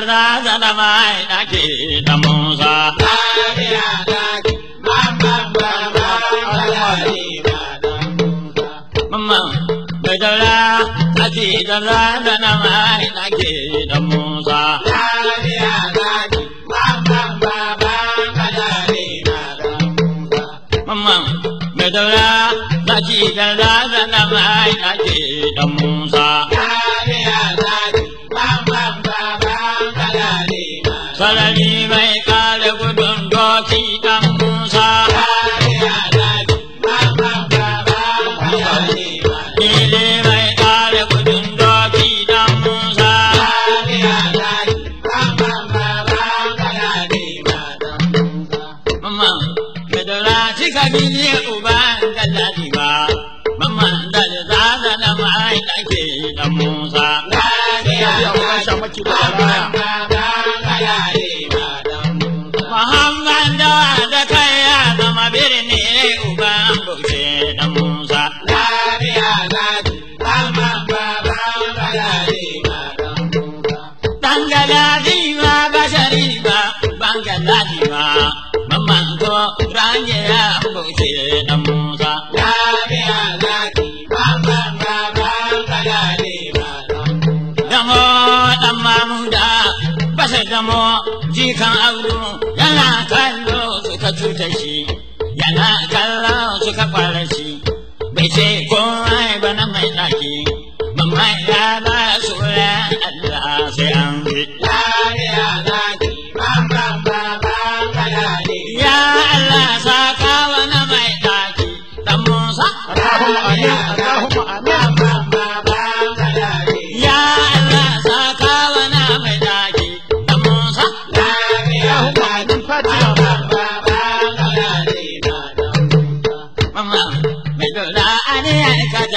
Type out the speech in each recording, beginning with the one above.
da zalamai ake da musa Mama, da jara, ake da zalamai ake da Mama, Dora cika bili uba ga daɗi ba, da zaza da ma'aikake da Musa. Ga ga ya kuma shamaki ba Alhaji ya jikan Audu yana kallo suka shi. Yana kallo suka kwara shi. Bai ce kowa ba na mai ɗaki. Mamman ya ba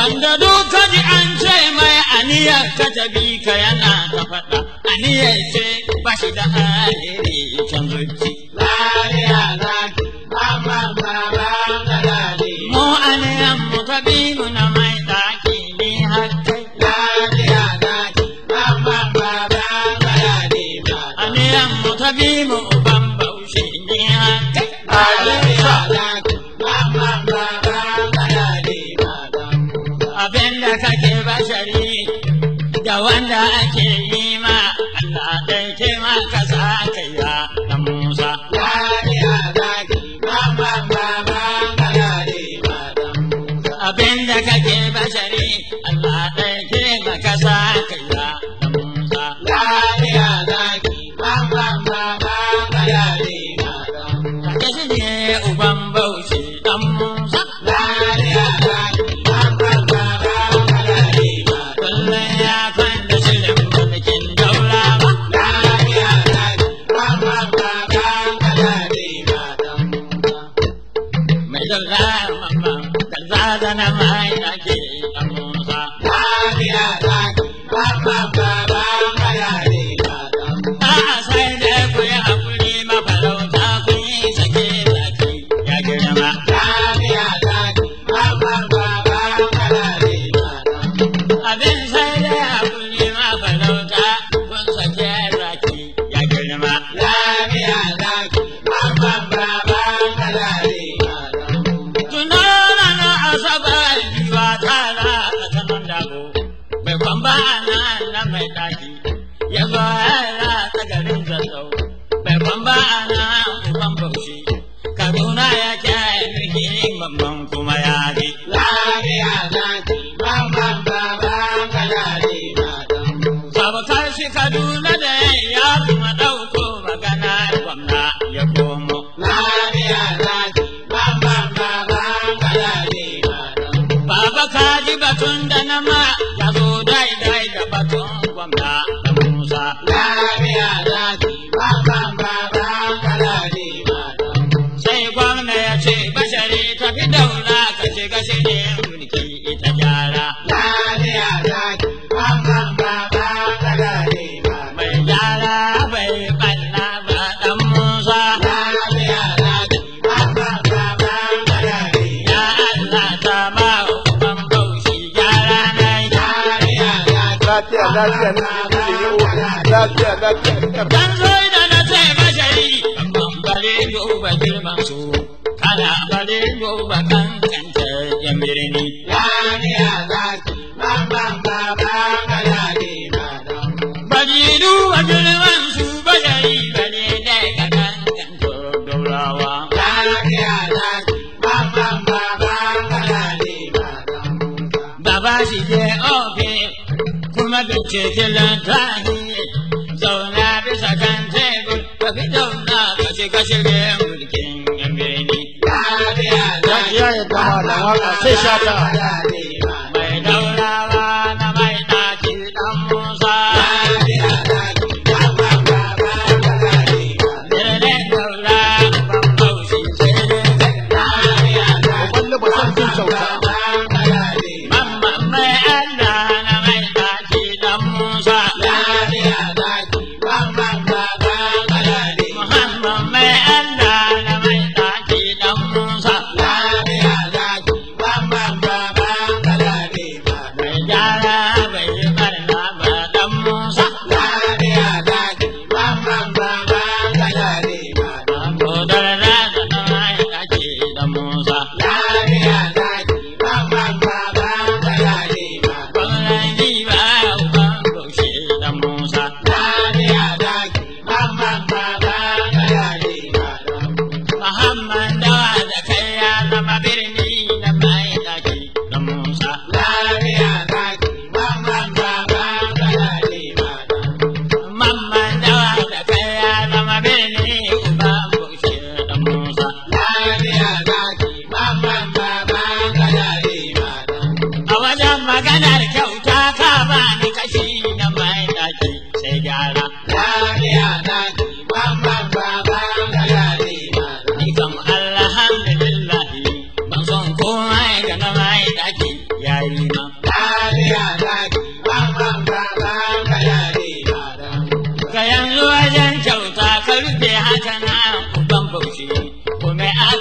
Wanda doka ji an ce mai aniyar ta jabi ka yana ta, faɗa, aniyar ce ba shi da alheri can zuci. Lariya na, ba ba ba ba Mu aniyar mu ka bi mu wanda kake bashari da wanda ake yi ma Allah ma ka sa kai ya Musa. lafiya na cikin da yau lafiya dan zo ina na ce bashari amma bare yo ba girman so kana bare yo ba kan kanta ya mirni lafiya zaki mamma ba ba kana ne ba bajiru ba girman su bashari bane baba Citilan tani Zauna bisa kan tebur Kafi zauna kashi kashi biyan mulkin gambini Lafiya lafiya ya kama da waka sai shata Mai daurawa na mai ɗaki ɗan Musa Lafiya Kyauta.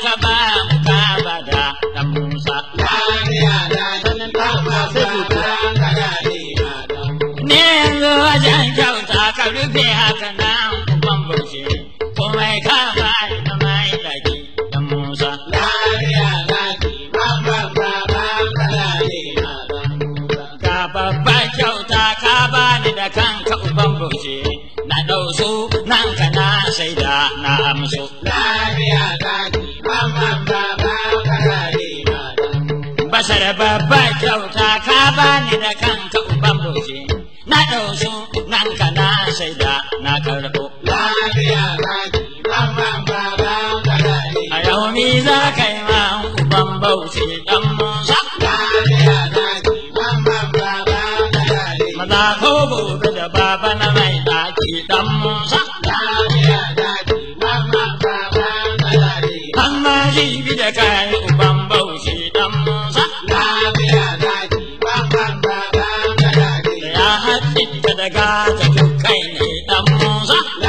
ka ba mu ka ba da dan Musa. Kariya da dan Baba sai ka kada ne ma dan. Ne yanzu wajen kyauta ka rufe haka na ban bace. Komai ka ba da mai laki dan Musa. Kariya da Baba Baba kada ni ma dan Musa. Ka babban kyauta ka ba ni da kanka uban bace. Na ɗau su nan ka na shaida da na amso. amsar babba kyauta ka bani da kanka uban boke na ɗauki nan ka na shaida na karɓo. A yau mi za ka yi ma uban bauchi ɗan Musa. Maza ko gobe da baba na mai ɗaki ɗan Musa. Mm-hmm.